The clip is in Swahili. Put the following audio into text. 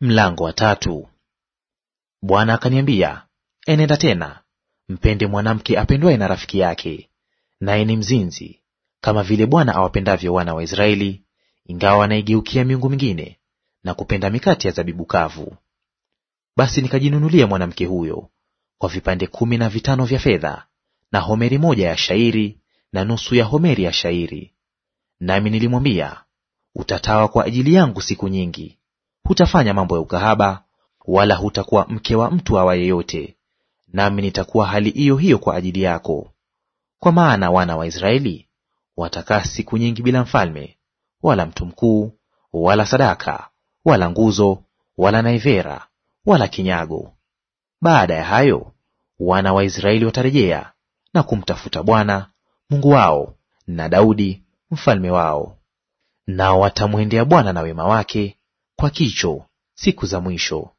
Mlango wa tatu. Bwana akaniambia, enenda tena mpende mwanamke apendwaye na rafiki yake, naye ni mzinzi, kama vile Bwana awapendavyo wana wa Israeli, ingawa wanaigeukia miungu mingine na kupenda mikate ya zabibu kavu. Basi nikajinunulia mwanamke huyo kwa vipande kumi na vitano vya fedha na homeri moja ya shairi na nusu ya homeri ya shairi. Nami nilimwambia, utatawa kwa ajili yangu siku nyingi hutafanya mambo ya ukahaba, wala hutakuwa mke wa mtu awa yeyote, nami nitakuwa hali hiyo hiyo kwa ajili yako. Kwa maana wana wa Israeli watakaa siku nyingi bila mfalme, wala mtu mkuu, wala sadaka, wala nguzo, wala naivera, wala kinyago. Baada ya hayo wana wa Israeli watarejea na kumtafuta Bwana Mungu wao na Daudi mfalme wao, nao watamwendea Bwana na wema wake kwa kicho siku za mwisho.